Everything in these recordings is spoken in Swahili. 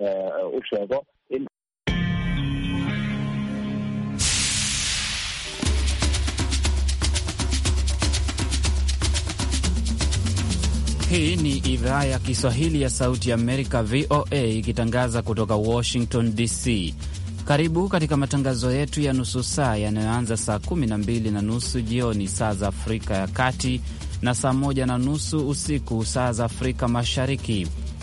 Eh, u sheego Hii ni idhaa ya Kiswahili ya Sauti ya Amerika, VOA, ikitangaza kutoka Washington DC. Karibu katika matangazo yetu ya nusu saa yanayoanza saa 12 na nusu jioni saa za Afrika ya Kati na saa 1 na nusu usiku saa za Afrika Mashariki.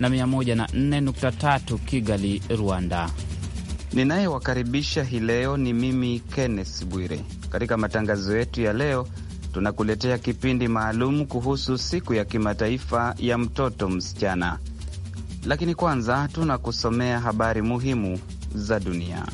na 104.3 Kigali, Rwanda. Ninayewakaribisha hii leo ni mimi Kenneth Bwire. Katika matangazo yetu ya leo, tunakuletea kipindi maalum kuhusu siku ya kimataifa ya mtoto msichana, lakini kwanza tunakusomea habari muhimu za dunia.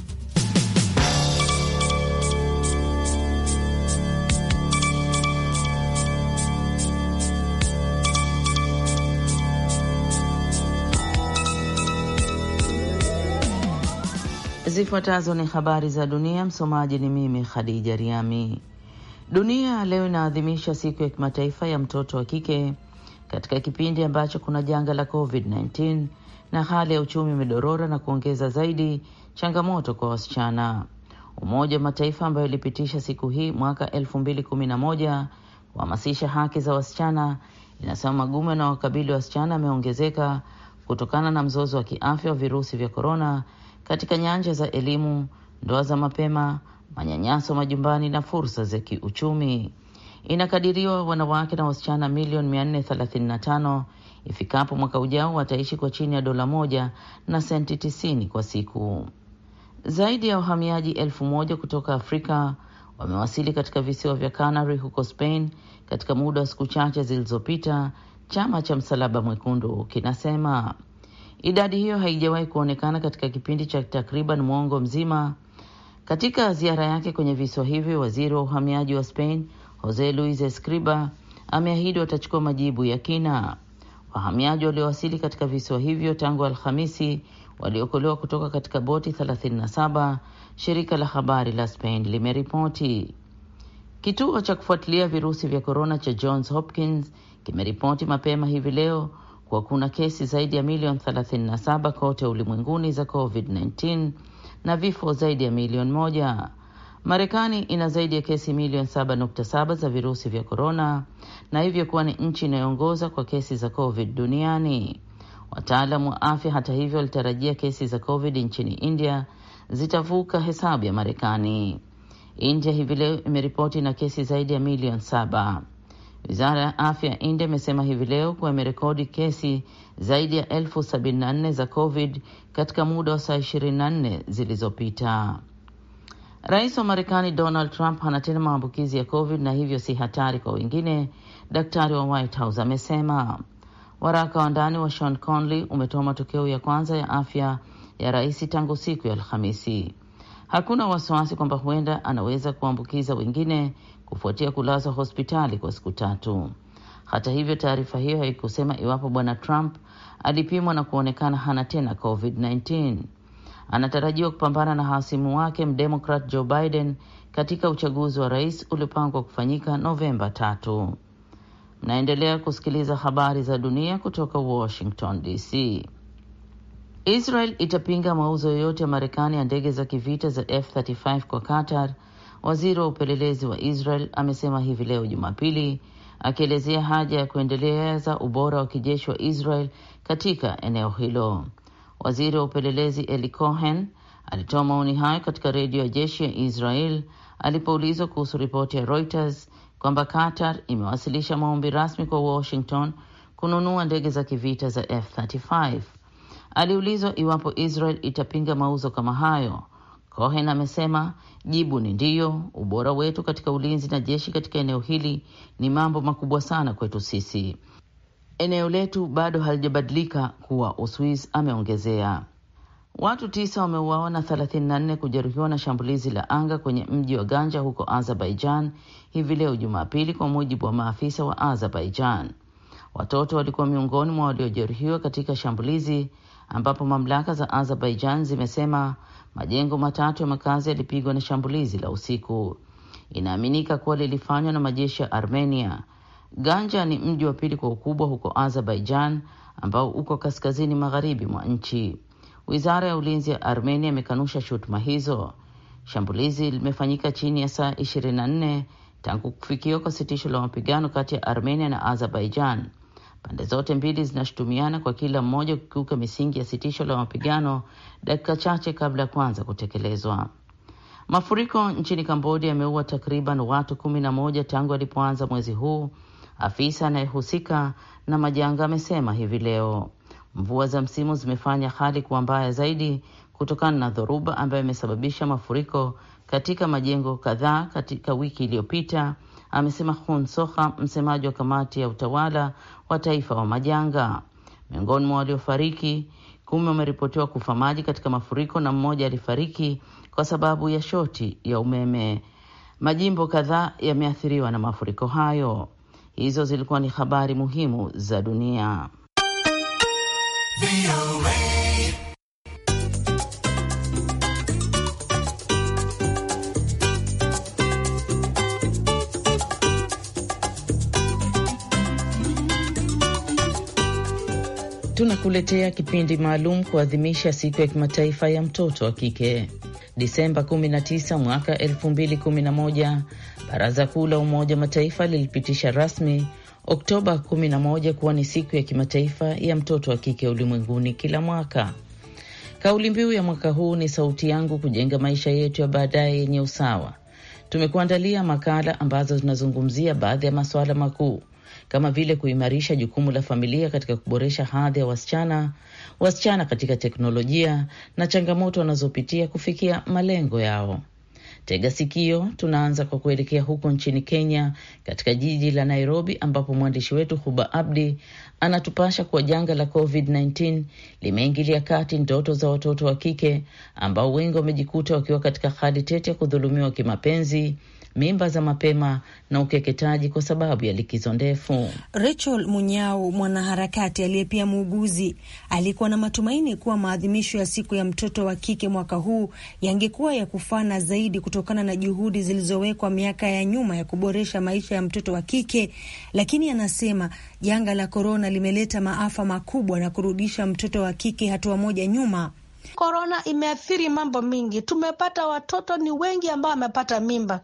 Zifuatazo ni habari za dunia. Msomaji ni mimi Khadija Riami. Dunia leo inaadhimisha siku ya kimataifa ya mtoto wa kike katika kipindi ambacho kuna janga la COVID-19 na hali ya uchumi imedorora na kuongeza zaidi changamoto kwa wasichana. Umoja wa Mataifa ambayo ilipitisha siku hii mwaka 2011 kuhamasisha haki za wasichana inasema magumu na wakabili wasichana yameongezeka kutokana na mzozo wa kiafya wa virusi vya korona katika nyanja za elimu, ndoa za mapema, manyanyaso majumbani na fursa za kiuchumi. Inakadiriwa wanawake na wasichana milioni 435 ifikapo mwaka ujao wataishi kwa chini ya dola moja na senti tisini kwa siku. Zaidi ya wahamiaji elfu moja kutoka Afrika wamewasili katika visiwa vya Canary huko Spain katika muda wa siku chache zilizopita, chama cha Msalaba Mwekundu kinasema. Idadi hiyo haijawahi kuonekana katika kipindi cha takriban mwongo mzima. Katika ziara yake kwenye visiwa hivyo, waziri wa uhamiaji wa Spain Jose Luis Escriba ameahidi watachukua majibu ya kina. Wahamiaji waliowasili katika visiwa hivyo tangu Alhamisi waliokolewa kutoka katika boti 37, shirika la habari la Spain limeripoti. Kituo cha kufuatilia virusi vya korona cha Johns Hopkins kimeripoti mapema hivi leo kuwa kuna kesi zaidi ya milioni 37 kote ulimwenguni za COVID-19 na vifo zaidi ya milioni moja. Marekani ina zaidi ya kesi milioni 7.7 za virusi vya korona na hivyo kuwa ni nchi inayoongoza kwa kesi za COVID duniani. Wataalamu wa afya, hata hivyo, walitarajia kesi za COVID nchini India zitavuka hesabu ya Marekani. India hivi leo imeripoti na kesi zaidi ya milioni saba. Wizara ya afya ya India imesema hivi leo kuwa imerekodi kesi zaidi ya elfu sabini na nne za COVID katika muda wa saa 24 zilizopita. Rais wa Marekani Donald Trump hana tena maambukizi ya COVID na hivyo si hatari kwa wengine, daktari wa White House amesema. Waraka wa ndani wa Sean Conley umetoa matokeo ya kwanza ya afya ya rais tangu siku ya Alhamisi. Hakuna wasiwasi kwamba huenda anaweza kuambukiza wengine kufuatia kulazwa hospitali kwa siku tatu. Hata hivyo, taarifa hiyo haikusema iwapo bwana Trump alipimwa na kuonekana hana tena COVID-19. Anatarajiwa kupambana na hasimu wake mdemokrat Joe Biden katika uchaguzi wa rais uliopangwa kufanyika Novemba tatu. Mnaendelea kusikiliza habari za dunia kutoka Washington DC. Israel itapinga mauzo yoyote ya Marekani ya ndege za kivita za F35 kwa Qatar Waziri wa upelelezi wa Israel amesema hivi leo Jumapili, akielezea haja ya kuendeleza ubora wa kijeshi wa Israel katika eneo hilo. Waziri wa upelelezi Eli Cohen alitoa maoni hayo katika redio ya jeshi ya Israel alipoulizwa kuhusu ripoti ya Reuters kwamba Qatar imewasilisha maombi rasmi kwa Washington kununua ndege za kivita za F35. Aliulizwa iwapo Israel itapinga mauzo kama hayo, Cohen amesema jibu ni ndiyo. Ubora wetu katika ulinzi na jeshi katika eneo hili ni mambo makubwa sana kwetu sisi. Eneo letu bado halijabadilika kuwa Uswis, ameongezea. Watu tisa wameuawa na 34 kujeruhiwa na shambulizi la anga kwenye mji wa Ganja huko Azerbaijan hivi leo Jumapili, kwa mujibu wa maafisa wa Azerbaijan. Watoto walikuwa miongoni mwa waliojeruhiwa katika shambulizi ambapo mamlaka za Azerbaijan zimesema Majengo matatu ya makazi yalipigwa na shambulizi la usiku, inaaminika kuwa lilifanywa na majeshi ya Armenia. Ganja ni mji wa pili kwa ukubwa huko Azerbaijan, ambao uko kaskazini magharibi mwa nchi. Wizara ya ulinzi ya Armenia imekanusha shutuma hizo. Shambulizi limefanyika chini ya saa 24 tangu kufikiwa kwa sitisho la mapigano kati ya Armenia na Azerbaijan Pande zote mbili zinashutumiana kwa kila mmoja kukiuka misingi ya sitisho la mapigano dakika chache kabla ya kuanza kutekelezwa. Mafuriko nchini Kambodia yameua takriban watu kumi na moja tangu alipoanza mwezi huu, afisa anayehusika na majanga amesema hivi leo. Mvua za msimu zimefanya hali kuwa mbaya zaidi kutokana na dhoruba ambayo imesababisha mafuriko katika majengo kadhaa katika wiki iliyopita amesema Hun Soha, msemaji wa kamati ya utawala wa taifa wa majanga. Miongoni mwa waliofariki kumi wameripotiwa kufa maji katika mafuriko na mmoja alifariki kwa sababu ya shoti ya umeme. Majimbo kadhaa yameathiriwa na mafuriko hayo. Hizo zilikuwa ni habari muhimu za dunia. tunakuletea kipindi maalum kuadhimisha siku ya kimataifa ya mtoto wa kike Disemba 19 mwaka 2011. Baraza Kuu la Umoja wa Mataifa lilipitisha rasmi Oktoba 11 kuwa ni siku ya kimataifa ya mtoto wa kike ulimwenguni kila mwaka. Kauli mbiu ya mwaka huu ni sauti yangu, kujenga maisha yetu ya baadaye yenye usawa. Tumekuandalia makala ambazo zinazungumzia baadhi ya masuala makuu kama vile kuimarisha jukumu la familia katika kuboresha hadhi ya wasichana, wasichana katika teknolojia na changamoto wanazopitia kufikia malengo yao. Tega sikio, tunaanza kwa kuelekea huko nchini Kenya, katika jiji la Nairobi, ambapo mwandishi wetu Huba Abdi anatupasha kuwa janga la COVID-19 limeingilia kati ndoto za watoto wa kike ambao wengi wamejikuta wakiwa katika hali tete ya kudhulumiwa kimapenzi mimba za mapema na ukeketaji kwa sababu ya likizo ndefu. Rachel Munyao, mwanaharakati aliye pia muuguzi, alikuwa na matumaini kuwa maadhimisho ya siku ya mtoto wa kike mwaka huu yangekuwa ya kufana zaidi kutokana na juhudi zilizowekwa miaka ya nyuma ya kuboresha maisha ya mtoto wa kike, lakini anasema janga la korona limeleta maafa makubwa na kurudisha mtoto wa kike hatua moja nyuma. Korona imeathiri mambo mingi, tumepata watoto ni wengi ambao wamepata mimba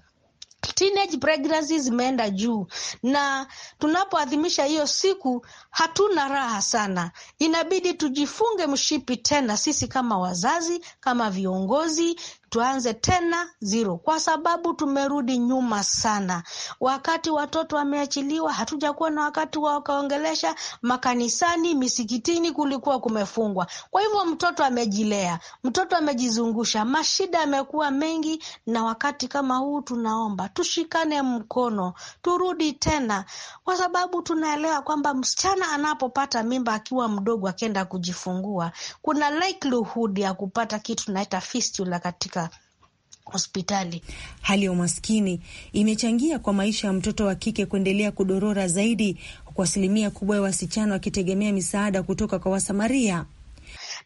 teenage pregnancy zimeenda juu, na tunapoadhimisha hiyo siku hatuna raha sana. Inabidi tujifunge mshipi tena, sisi kama wazazi, kama viongozi, tuanze tena zero, kwa sababu tumerudi nyuma sana. Wakati watoto wameachiliwa, hatujakuwa na wakati wa wakaongelesha. Makanisani, misikitini kulikuwa kumefungwa. Kwa hivyo mtoto amejilea, mtoto amejizungusha, mashida yamekuwa mengi, na wakati kama huu tunaomba tushikane mkono, turudi tena, kwa sababu tunaelewa kwamba msichana anapopata mimba akiwa mdogo, akienda kujifungua, kuna likelihood ya kupata kitu tunaita fistula katika hospitali. Hali ya umaskini imechangia kwa maisha ya mtoto wa kike kuendelea kudorora zaidi, kwa asilimia kubwa ya wasichana wakitegemea misaada kutoka kwa Wasamaria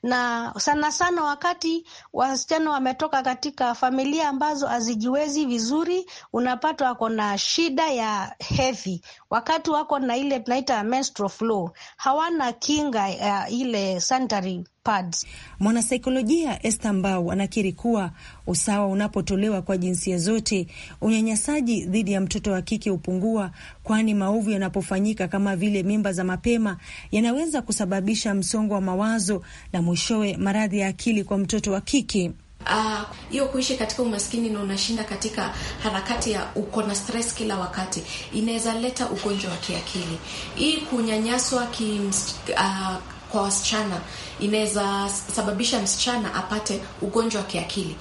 na sana sana wakati wasichana wametoka katika familia ambazo hazijiwezi vizuri, unapata wako na shida ya hedhi, wakati wako na ile tunaita menstrual flow, hawana kinga ya ile sanitary pads. Mwanasaikolojia Esther Mbau anakiri kuwa usawa unapotolewa kwa jinsia zote, unyanyasaji dhidi ya mtoto wa kike hupungua, kwani maovu yanapofanyika kama vile mimba za mapema yanaweza kusababisha msongo wa mawazo na mwishowe maradhi ya akili kwa mtoto wa kike ah, hiyo uh, kuishi katika umaskini na unashinda katika harakati ya uko na stress kila wakati, inaweza leta ugonjwa wa kiakili. Hii kunyanyaswa ki, uh, ah, kwa wasichana inaweza sababisha msichana apate ugonjwa wa kiakili.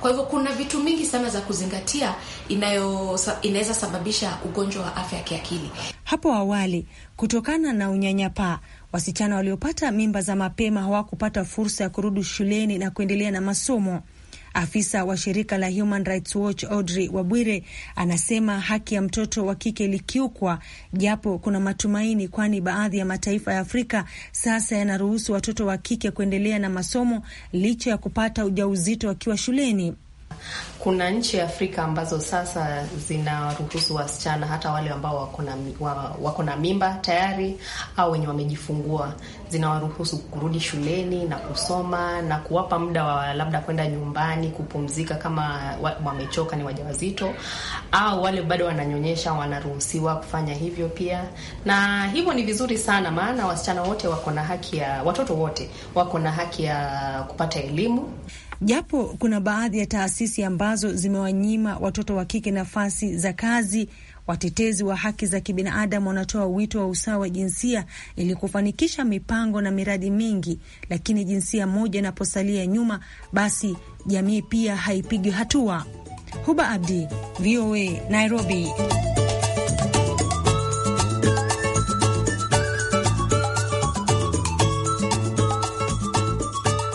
Kwa hivyo kuna vitu mingi sana za kuzingatia inayo inaweza sababisha ugonjwa wa afya ya kiakili. Hapo awali, kutokana na unyanyapaa, wasichana waliopata mimba za mapema hawakupata fursa ya kurudi shuleni na kuendelea na masomo. Afisa wa shirika la Human Rights Watch Audrey Wabwire anasema haki ya mtoto wa kike ilikiukwa, japo kuna matumaini, kwani baadhi ya mataifa ya Afrika sasa yanaruhusu watoto wa kike kuendelea na masomo licha ya kupata ujauzito wakiwa shuleni. Kuna nchi ya Afrika ambazo sasa zinaruhusu wasichana hata wale ambao wako na wako na mimba tayari au wenye wamejifungua, zinawaruhusu kurudi shuleni na kusoma na kuwapa muda wa labda kwenda nyumbani kupumzika, kama wamechoka, ni wajawazito au wale bado wananyonyesha, wanaruhusiwa kufanya hivyo pia. Na hivyo ni vizuri sana, maana wasichana wote wako na haki ya, watoto wote wako na haki ya kupata elimu japo kuna baadhi ya taasisi ambazo zimewanyima watoto wa kike nafasi za kazi. Watetezi wa haki za kibinadamu wanatoa wito wa usawa wa jinsia ili kufanikisha mipango na miradi mingi, lakini jinsia moja inaposalia nyuma, basi jamii pia haipigi hatua. Huba Abdi, VOA, Nairobi.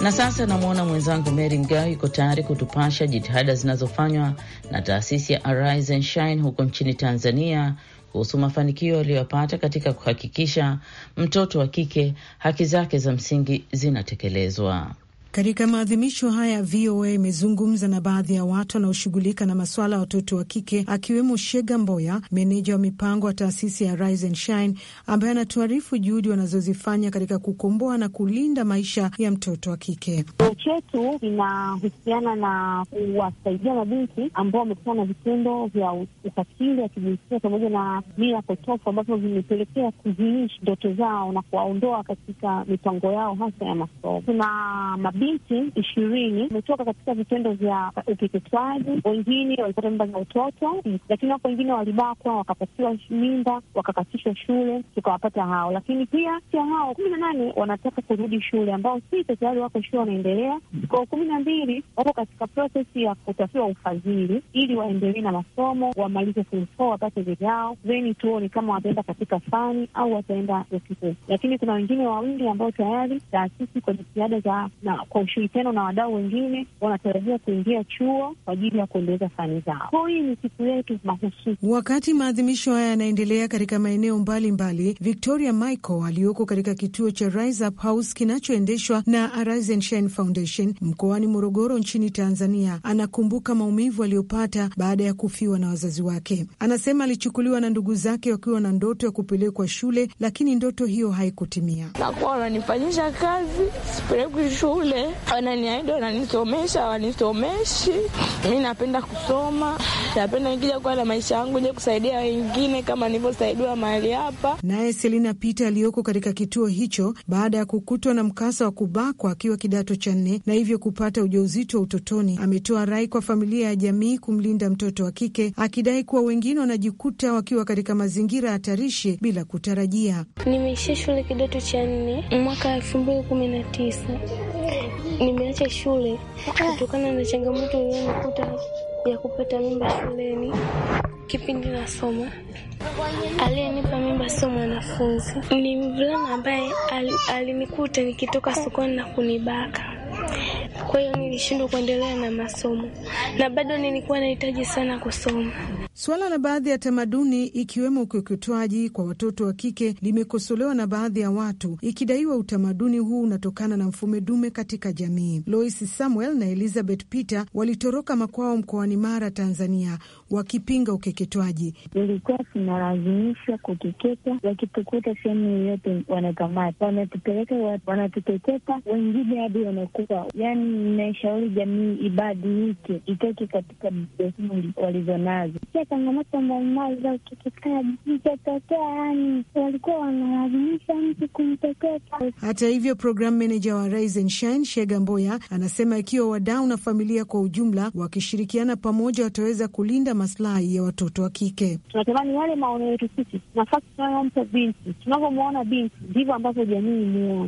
Na sasa namwona mwenzangu Mary Mgao yuko tayari kutupasha jitihada zinazofanywa na taasisi ya Arise and Shine huko nchini Tanzania kuhusu mafanikio yaliyoyapata katika kuhakikisha mtoto wa kike haki zake za msingi zinatekelezwa. Katika maadhimisho haya VOA imezungumza na baadhi ya watu wanaoshughulika na masuala ya watoto wa kike, akiwemo Shega Mboya, meneja wa mipango wa taasisi ya Rise and Shine, ambaye anatuarifu juhudi wanazozifanya katika kukomboa na kulinda maisha ya mtoto wa kike. chetu inahusiana na kuwasaidia mabinti ambao wamekutana na vitendo vya ukatili wa kijinsia pamoja na mila potofu ambavyo vimepelekea kuziishi ndoto zao na kuwaondoa katika mipango yao hasa ya masomo. Tuna binti ishirini wametoka katika vitendo vya ukeketwaji, wengine walipata mimba za utoto, lakini wako wengine walibakwa wakapatiwa mimba wakakatishwa shule, tukawapata hao. Lakini pia sia hao kumi na nane wanataka kurudi shule, ambao sita tayari wako shule wanaendelea, kwa kumi na mbili wako katika prosesi ya kutafiwa ufadhili ili waendelee na masomo, wamalize form four wapate vyao, then tuone kama wataenda katika fani au wataenda. Lakini kuna wengine wawili ambao tayari taasisi kwa jitihada za na kwa ushirikiano na wadau wengine wanatarajia kuingia chuo kwa ajili ya kuendeleza fani zao. Kwa hii ni siku yetu mahususi. Wakati maadhimisho haya yanaendelea katika maeneo mbalimbali, Victoria Michael aliyoko katika kituo cha Rise Up House kinachoendeshwa na Arise and Shine Foundation mkoani Morogoro nchini Tanzania anakumbuka maumivu aliyopata baada ya kufiwa na wazazi wake. Anasema alichukuliwa na ndugu zake wakiwa na ndoto ya kupelekwa shule, lakini ndoto hiyo haikutimia. Nakuwa wananifanyisha kazi sipelekwi shule shule, wananisomesha, wanisomeshi. Mi napenda kusoma, napenda nikija kuwa na maisha yangu je kusaidia wengine kama nilivyosaidiwa mahali hapa. Naye Selina pita aliyoko katika kituo hicho baada ya kukutwa na mkasa wa kubakwa akiwa kidato cha nne na hivyo kupata ujauzito wa utotoni, ametoa rai kwa familia ya jamii kumlinda mtoto wa kike, akidai kuwa wengine wanajikuta wakiwa katika mazingira hatarishi bila kutarajia. Nimeishia shule kidato cha nne mwaka elfu mbili kumi na tisa Nimeacha shule kutokana na changamoto iliyonikuta ya kupata mimba shuleni kipindi nasoma. Aliyenipa mimba sio mwanafunzi, ni mvulana ambaye alinikuta nikitoka sokoni na kunibaka. Kwa hiyo nilishindwa kuendelea na masomo na bado nilikuwa nahitaji sana kusoma. Suala la baadhi ya tamaduni ikiwemo ukeketwaji kwa watoto wa kike limekosolewa na baadhi ya watu, ikidaiwa utamaduni huu unatokana na mfume dume katika jamii. Lois Samuel na Elizabeth Peter walitoroka makwao mkoani Mara, Tanzania, wakipinga ukeketwaji. Ilikuwa tunalazimishwa kukeketa, wakitukuta sehemu yoyote wanakamata, wanatupeleka, wanatukeketa, wengine hadi wanakuwa. Yani inaishauri jamii ibadilike, itoke katika desturi walizonazo. Pia changamoto mbalimbali za ukeketaji zitatokea, yani walikuwa wanalazimisha mtu kumteketa. Hata hivyo, program manager wa Rise and Shine Shega Mboya anasema ikiwa wadau na familia kwa ujumla wakishirikiana pamoja wataweza kulinda maslahi ya watoto wa kike. Tunatamani yale maono yetu sisi, nafasi tunayompa binti, tunavyomwona binti, ndivyo ambavyo jamii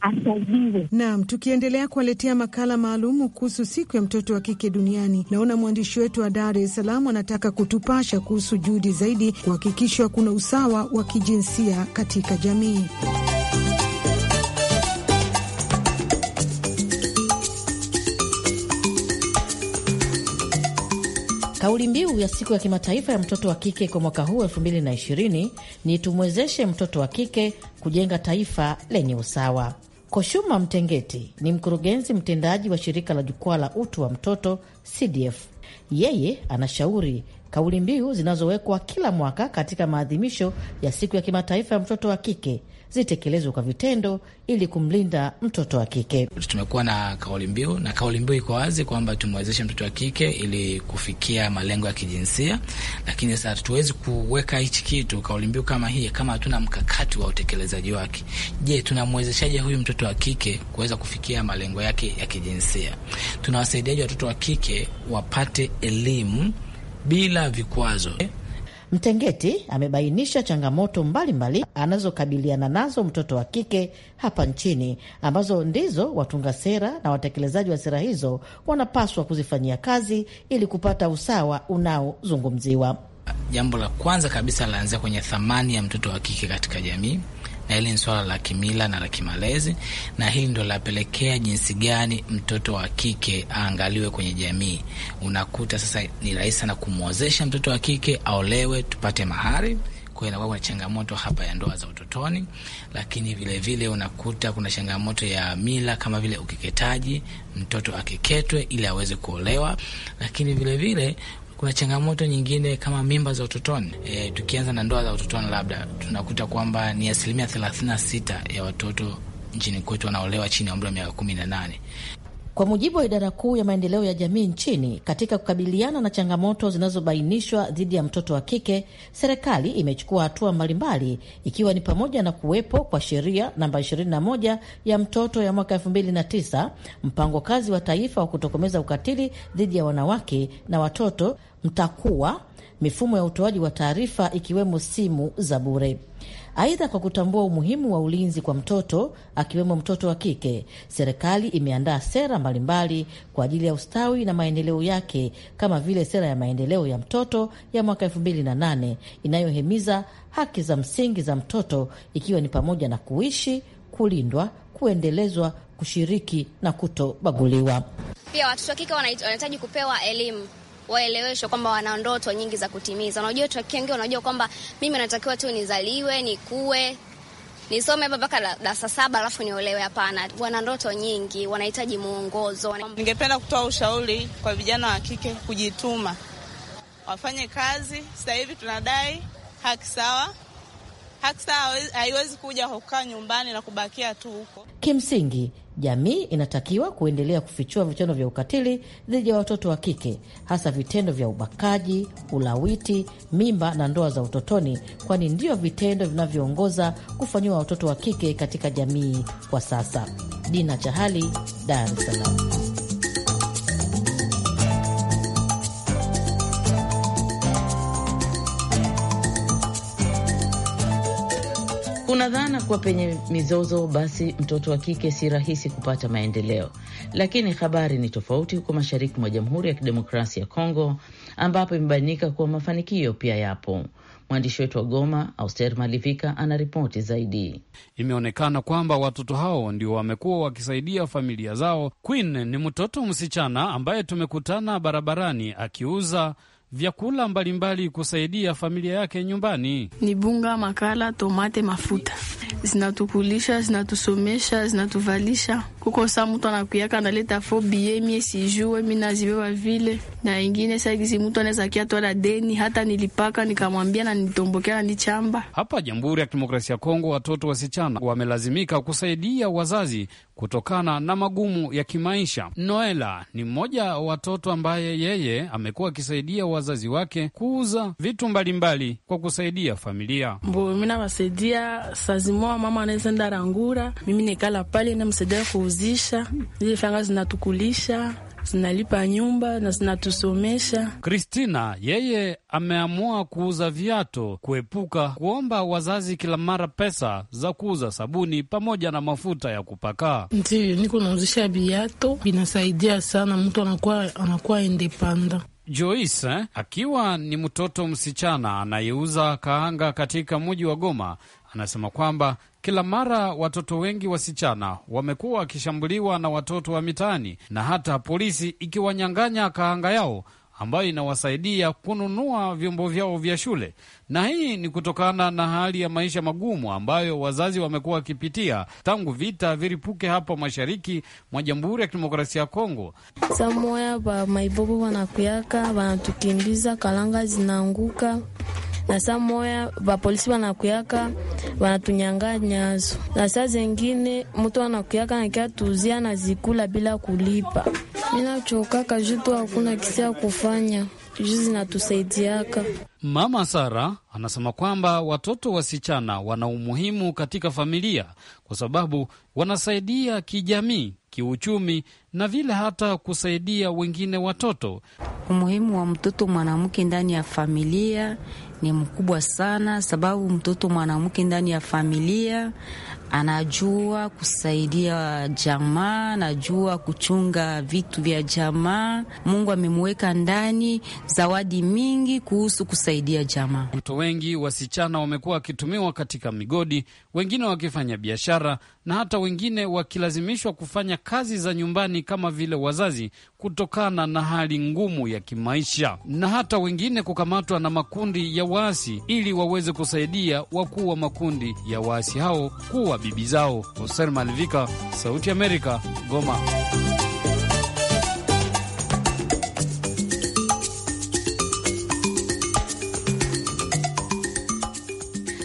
asaidiwe. Naam, tukiendelea kuwaletea makala maalumu kuhusu siku ya mtoto wa kike duniani, naona mwandishi wetu wa Dar es Salaam anataka kutupasha kuhusu juhudi zaidi kuhakikishwa kuna usawa wa kijinsia katika jamii. Kauli mbiu ya siku ya kimataifa ya mtoto wa kike kwa mwaka huu 220 ni tumwezeshe mtoto wa kike kujenga taifa lenye usawa. Koshuma Mtengeti ni mkurugenzi mtendaji wa shirika la jukwaa la utu wa mtoto CDF. Yeye anashauri kauli mbiu zinazowekwa kila mwaka katika maadhimisho ya siku ya kimataifa ya mtoto wa kike zitekelezwe kwa vitendo ili kumlinda mtoto wa kike. Tumekuwa na kauli mbiu na kauli mbiu iko wazi kwamba tumwezeshe mtoto wa kike ili kufikia malengo ya kijinsia, lakini sasa hatuwezi kuweka hichi kitu kauli mbiu kama hii kama hatuna mkakati wa utekelezaji wake. Je, tunamwezeshaje huyu mtoto wa kike kuweza kufikia malengo yake ya kijinsia? Tunawasaidiaje watoto wa kike wapate elimu bila vikwazo? Mtengeti amebainisha changamoto mbalimbali anazokabiliana nazo mtoto wa kike hapa nchini, ambazo ndizo watunga sera na watekelezaji wa sera hizo wanapaswa kuzifanyia kazi ili kupata usawa unaozungumziwa. Jambo la kwanza kabisa laanzia kwenye thamani ya mtoto wa kike katika jamii na hili ni swala la kimila na la kimalezi, na hili ndo lapelekea jinsi gani mtoto wa kike aangaliwe kwenye jamii. Unakuta sasa ni rahisi sana kumwozesha mtoto wa kike aolewe, tupate mahari inakuwa kuna changamoto hapa ya ndoa za utotoni, lakini vilevile vile unakuta kuna changamoto ya mila kama vile ukeketaji, mtoto akeketwe ili aweze kuolewa. Lakini vilevile kuna changamoto nyingine kama mimba za utotoni. E, tukianza na ndoa za utotoni, labda tunakuta kwamba ni asilimia sita ya watoto nchini kwetu wanaolewa chini ya umri wa miaka kumi na nane. Kwa mujibu wa idara kuu ya maendeleo ya jamii nchini, katika kukabiliana na changamoto zinazobainishwa dhidi ya mtoto wa kike, serikali imechukua hatua mbalimbali, ikiwa ni pamoja na kuwepo kwa sheria namba 21 ya mtoto ya mwaka 2009, mpango kazi wa taifa wa kutokomeza ukatili dhidi ya wanawake na watoto, mtakuwa mifumo ya utoaji wa taarifa ikiwemo simu za bure. Aidha, kwa kutambua umuhimu wa ulinzi kwa mtoto akiwemo mtoto wa kike, serikali imeandaa sera mbalimbali kwa ajili ya ustawi na maendeleo yake kama vile sera ya maendeleo ya mtoto ya mwaka 2008 inayohimiza haki za msingi za mtoto ikiwa ni pamoja na kuishi, kulindwa, kuendelezwa, kushiriki na kutobaguliwa. Pia watoto wa kike wanahitaji kupewa elimu waeleweshwe kwamba wana ndoto nyingi za kutimiza. Unajua watu wengi wanajua kwamba mimi natakiwa tu nizaliwe, nikue, nisome hapa mpaka darasa saba alafu niolewe. Hapana, wana ndoto nyingi, wanahitaji mwongozo. Ningependa kutoa ushauri kwa vijana wa kike kujituma, wafanye kazi. Sasa hivi tunadai haki sawa haki sawa haiwezi kuja kukaa nyumbani na kubakia tu huko. Kimsingi Jamii inatakiwa kuendelea kufichua vitendo vya ukatili dhidi ya watoto wa kike, hasa vitendo vya ubakaji, ulawiti, mimba na ndoa za utotoni, kwani ndiyo vitendo vinavyoongoza kufanyiwa watoto wa kike katika jamii kwa sasa. Dina Chahali, Dar es Salaam. Kuna dhana kuwa penye mizozo, basi mtoto wa kike si rahisi kupata maendeleo, lakini habari ni tofauti huko mashariki mwa Jamhuri ya Kidemokrasia ya Kongo, ambapo imebainika kuwa mafanikio pia yapo. Mwandishi wetu wa Goma, Auster Malivika, anaripoti zaidi. Imeonekana kwamba watoto hao ndio wamekuwa wakisaidia familia zao. Queen ni mtoto msichana ambaye tumekutana barabarani akiuza vyakula mbalimbali kusaidia familia yake nyumbani. Ni bunga, makala, tomate, mafuta zinatukulisha, zinatusomesha, zinatuvalisha. Kukosa mtu anakuyaka analeta fobie, mie sijue, mi naziwewa vile na ingine. Saizi mtu anaweza kia twala deni, hata nilipaka nikamwambia na nitombokea na nichamba. Hapa Jamhuri ya Kidemokrasia ya Kongo, watoto wasichana wamelazimika kusaidia wazazi kutokana na magumu ya kimaisha. Noela ni mmoja wa watoto ambaye yeye amekuwa akisaidia wa wazazi wake kuuza vitu mbalimbali mbali kwa kusaidia familia. Mbo minawasaidia sazimoa mama anaweza enda rangura, mimi nikala pale namsaidia kuuzisha zile fanga zinatukulisha zinalipa nyumba na zinatusomesha. Kristina yeye ameamua kuuza viato, kuepuka kuomba wazazi kila mara pesa za kuuza sabuni pamoja na mafuta ya kupakaa. Ndio niko nauzisha viato, vinasaidia sana, mtu anakuwa anakuwa indepanda. Joyce eh, akiwa ni mtoto msichana anayeuza kaanga katika mji wa Goma, anasema kwamba kila mara watoto wengi wasichana wamekuwa wakishambuliwa na watoto wa mitaani na hata polisi ikiwanyang'anya kaanga yao ambayo inawasaidia kununua vyombo vyao vya shule na hii ni kutokana na hali ya maisha magumu ambayo wazazi wamekuwa wakipitia tangu vita viripuke hapo mashariki mwa Jamhuri ya Kidemokrasia ya Kongo. Samoya ba maibobo wanakuyaka wanatukimbiza, kalanga zinaanguka na saa moya vapolisi wanakuyaka wanatunyanga nyazo, na saa zengine mtu anakuyaka nakia tuzia na zikula bila kulipa. Minachokaka jutu hakuna kisia kufanya juu zinatusaidiaka. Mama Sara anasema kwamba watoto wasichana wana umuhimu katika familia kwa sababu wanasaidia kijamii, kiuchumi na vile hata kusaidia wengine watoto. Umuhimu wa mtoto mwanamke ndani ya familia ni mkubwa sana, sababu mtoto mwanamke ndani ya familia anajua kusaidia jamaa, anajua kuchunga vitu vya jamaa. Mungu amemweka ndani zawadi mingi kuhusu kusaidia jamaa. Watoto wengi wasichana wamekuwa wakitumiwa katika migodi, wengine wakifanya biashara na hata wengine wakilazimishwa kufanya kazi za nyumbani kama vile wazazi, kutokana na hali ngumu ya kimaisha, na hata wengine kukamatwa na makundi ya waasi ili waweze kusaidia wakuu wa makundi ya waasi hao kuwa bibi zao. Hoser Malivika, Sauti Amerika, Goma.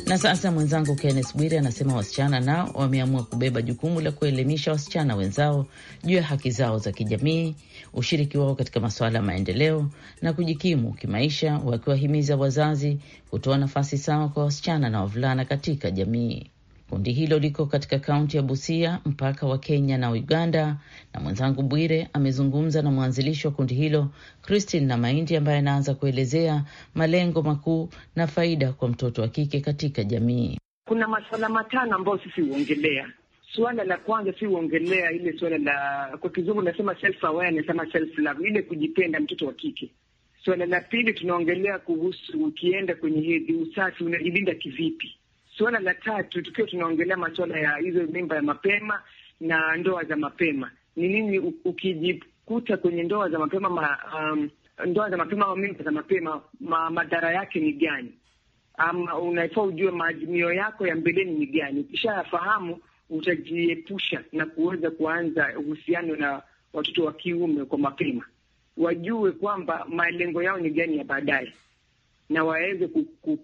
Na sasa mwenzangu Kennes Bwire anasema wasichana nao wameamua kubeba jukumu la kuelimisha wasichana wenzao juu ya haki zao za kijamii, ushiriki wao katika masuala ya maendeleo na kujikimu kimaisha, wakiwahimiza wazazi kutoa nafasi sawa kwa wasichana na wavulana katika jamii. Kundi hilo liko katika kaunti ya Busia, mpaka wa Kenya na Uganda, na mwenzangu Bwire amezungumza na mwanzilishi wa kundi hilo Christine na maindi ambaye anaanza kuelezea malengo makuu na faida kwa mtoto wa kike katika jamii. Kuna masuala matano ambayo sisi huongelea. Suala la kwanza si huongelea ile suala la kwa kizungu nasema self awareness ama self love, ile kujipenda mtoto wa kike. Suala la pili tunaongelea kuhusu, ukienda kwenye hedhi, usafi unajilinda kivipi Suala la tatu, tukiwa tunaongelea masuala ya hizo mimba ya mapema na ndoa za mapema, ni nini ukijikuta kwenye ndoa za mapema ma, um, ndoa za mapema au mimba za mapema ma, madhara yake ni gani? Ama unafaa ujue maazimio yako ya mbeleni ni gani. Ukishayafahamu utajiepusha na kuweza kuanza uhusiano na watoto wa kiume kwa mapema. Wajue kwamba malengo yao ni gani ya baadaye na waweze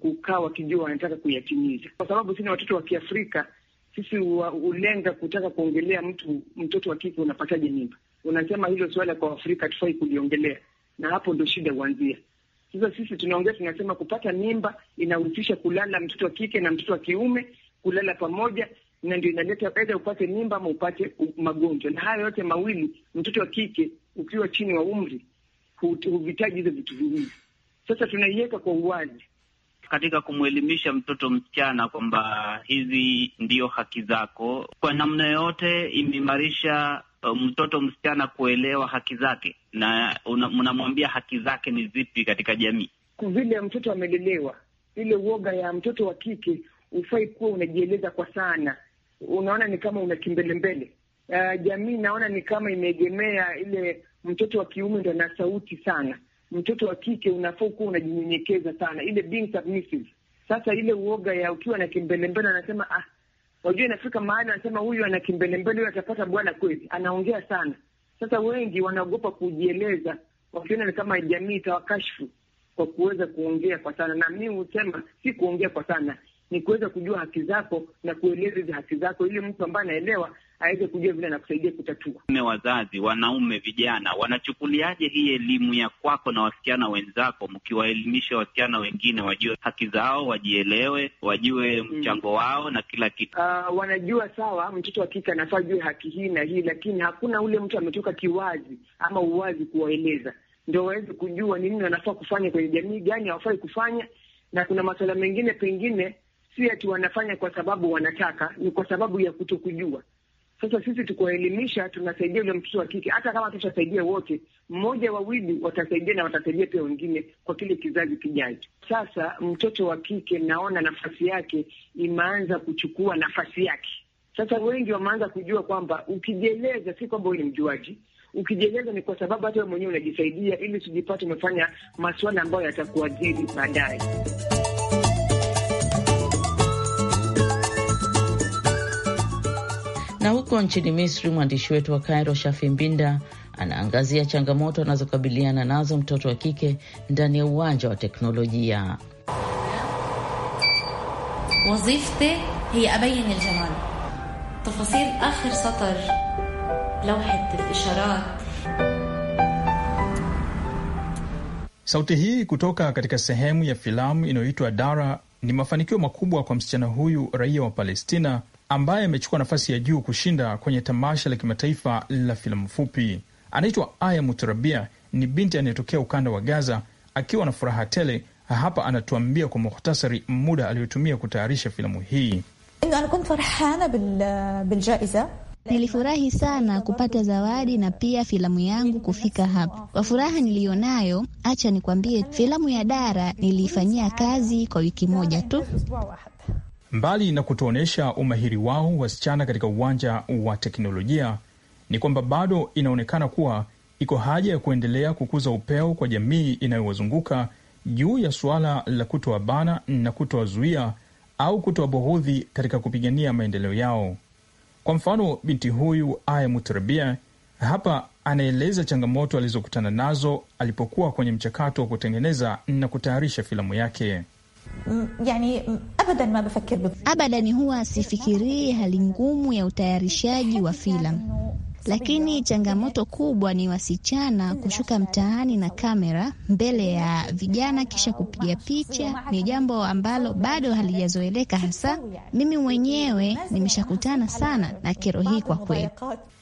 kukaa wakijua wanataka kuyatimiza, kwa sababu sina watoto wa Kiafrika. Sisi hulenga kutaka kuongelea mtu mtoto wa kike unapataje mimba, unasema hilo suala kwa Afrika hatufai kuliongelea, na hapo ndo shida huanzia. Sasa sisi tunaongea tunasema, kupata mimba inahusisha kulala mtoto wa kike na mtoto wa kiume kulala pamoja, na ndio inaleta aidha upate mimba ama upate magonjwa. Na haya yote mawili, mtoto wa kike ukiwa chini wa umri huvitaji hizo vitu viwili. Sasa tunaiweka kwa uwazi katika kumwelimisha mtoto msichana kwamba hizi ndiyo haki zako. Kwa namna yoyote imeimarisha uh, mtoto msichana kuelewa haki zake, na unamwambia haki zake ni zipi katika jamii. Vile mtoto amelelewa, ile uoga ya mtoto wa kike hufai kuwa unajieleza kwa sana, unaona ni kama una kimbelembele. Uh, jamii naona ni kama imeegemea ile mtoto wa kiume ndo ana sauti sana mtoto wa kike unafaa kuwa unajinyenyekeza sana, ile being submissive. Sasa ile uoga ya ukiwa na kimbelembele, anasema ah, wajua inafika mahali anasema huyu ana kimbelembele, huyu atapata bwana kweli, anaongea sana. Sasa wengi wanaogopa kujieleza, wakiona ni kama jamii itawakashfu kwa kuweza kuongea kwa sana. Na mi husema si kuongea kwa sana, ni kuweza kujua haki zako na kueleza hizi haki zako, ili mtu ambaye anaelewa aweze kujua vile anakusaidia kutatua. Me wazazi, wanaume, vijana wanachukuliaje hii elimu ya kwako na wasichana wenzako, mkiwaelimisha wasichana wengine wajue haki zao, wajielewe, wajue mm. mchango wao na kila kitu? Uh, wanajua sawa, mtoto wa kike anafaa ajue haki hii na hii, lakini hakuna ule mtu ametoka kiwazi ama uwazi kuwaeleza, ndio waweze kujua ni nini wanafaa kufanya kwenye jamii, gani hawafai kufanya, na kuna masuala mengine pengine si ati wanafanya kwa sababu wanataka, ni kwa sababu ya kutokujua. Sasa sisi tukuwaelimisha, tunasaidia yule mtoto wa kike, hata kama tutasaidia wote, mmoja wawili watasaidia na watasaidia pia wengine kwa kile kizazi kijacho. Sasa mtoto wa kike naona nafasi yake imeanza kuchukua nafasi yake. Sasa wengi wameanza kujua kwamba ukijieleza, si kwamba huyu ni mjuaji ukijieleza ni kwa sababu hata wewe mwenyewe unajisaidia, ili usijipate umefanya masuala ambayo yatakuajiri baadaye. Na huko nchini Misri, mwandishi wetu wa Kairo, Shafi Mbinda, anaangazia changamoto anazokabiliana nazo mtoto wa kike ndani ya uwanja wa teknolojia. wazifte hiya abayin aljamal tafasil akhir satar lawhat Sauti hii kutoka katika sehemu ya filamu inayoitwa Dara ni mafanikio makubwa kwa msichana huyu raia wa Palestina ambaye amechukua nafasi ya juu kushinda kwenye tamasha la kimataifa la filamu fupi. Anaitwa Aya muturabia ni binti anayetokea ukanda wa Gaza. Akiwa na furaha tele hapa, anatuambia kwa muhtasari muda aliyotumia kutayarisha filamu hii. Nilifurahi sana kupata zawadi na pia filamu yangu kufika hapa. Kwa furaha niliyonayo, acha nikwambie, filamu ya Dara niliifanyia kazi kwa wiki moja tu. Mbali na kutoonyesha umahiri wao wasichana katika uwanja wa teknolojia, ni kwamba bado inaonekana kuwa iko haja ya kuendelea kukuza upeo kwa jamii inayowazunguka juu ya suala la kutowabana na kutowazuia au kutowabughudhi katika kupigania maendeleo yao. Kwa mfano, binti huyu Aya Mutrabia hapa anaeleza changamoto alizokutana nazo alipokuwa kwenye mchakato wa kutengeneza na kutayarisha filamu yake. Mm, yani, mm, abadan ma bafakir abadan, huwa sifikirii hali ngumu ya utayarishaji wa filamu, lakini changamoto kubwa ni wasichana kushuka mtaani na kamera mbele ya vijana kisha kupiga picha. Ni jambo ambalo bado halijazoeleka, hasa mimi mwenyewe nimeshakutana sana na kero hii kwa kweli.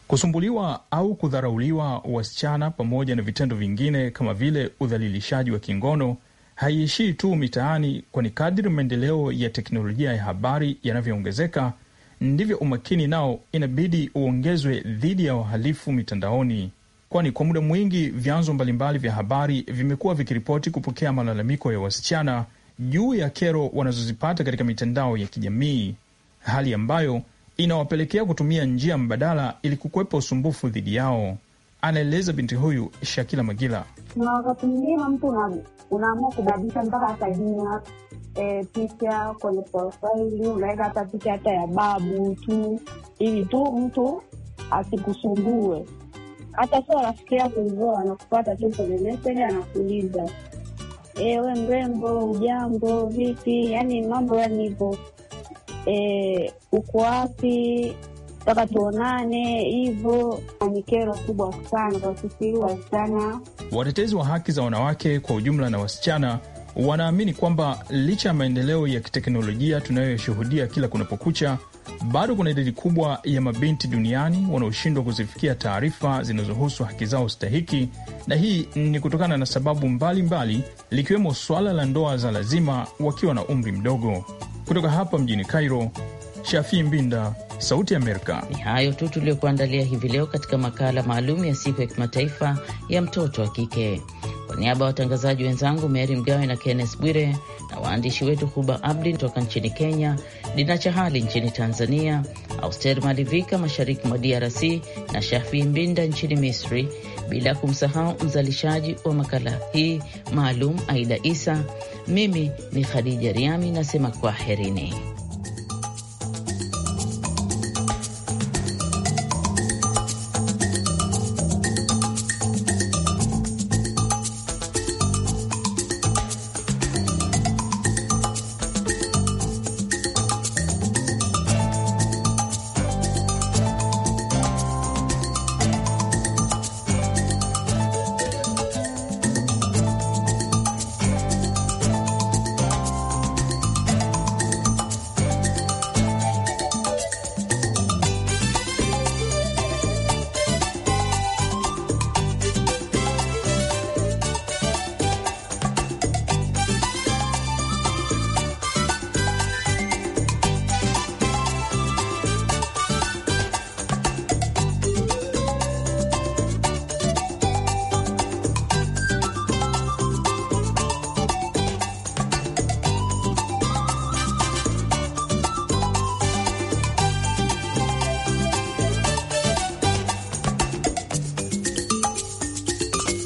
Kusumbuliwa au kudharauliwa wasichana, pamoja na vitendo vingine kama vile udhalilishaji wa kingono haiishii tu mitaani, kwani kadri maendeleo ya teknolojia ya habari yanavyoongezeka ndivyo umakini nao inabidi uongezwe dhidi ya wahalifu mitandaoni, kwani kwa muda mwingi vyanzo mbalimbali vya habari vimekuwa vikiripoti kupokea malalamiko ya wasichana juu ya kero wanazozipata katika mitandao ya kijamii, hali ambayo inawapelekea kutumia njia mbadala ili kukwepa usumbufu dhidi yao. Anaeleza binti huyu Shakila Magila. Kuna wakati mwingine mtu unaamua kubadilisha mpaka sajina e, eh, picha kwenye profaili, unaweka hata picha hata ya babu tu, ili tu mtu asikusumbue. Hata sio rafiki yako hivyo, anakupata tu kwenye meseji, anakuuliza ewe eh, mrembo, ujambo, vipi? Yani mambo yani hivyo, e, eh, uko wapi? mpaka tuonane hivyo. Ni kero kubwa sana kwa sisi wasichana. Watetezi wa haki za wanawake kwa ujumla na wasichana wanaamini kwamba licha ya maendeleo ya kiteknolojia tunayoyashuhudia kila kunapokucha, bado kuna idadi kubwa ya mabinti duniani wanaoshindwa kuzifikia taarifa zinazohusu haki zao stahiki, na hii ni kutokana na sababu mbalimbali mbali, likiwemo swala la ndoa za lazima wakiwa na umri mdogo. Kutoka hapa mjini Cairo, Shafii Mbinda, Sauti Amerika. Ni hayo tu tuliyokuandalia hivi leo katika makala maalum ya siku ya kimataifa ya mtoto wa kike. Kwa niaba ya watangazaji wenzangu Meri Mgawe na Kennes Bwire na waandishi wetu Huba Abdi kutoka nchini Kenya, Dina Chahali nchini Tanzania, Auster Malivika mashariki mwa DRC na Shafi Mbinda nchini Misri, bila kumsahau mzalishaji wa makala hii maalum Aida Isa. Mimi ni Khadija Riami nasema kwaherini.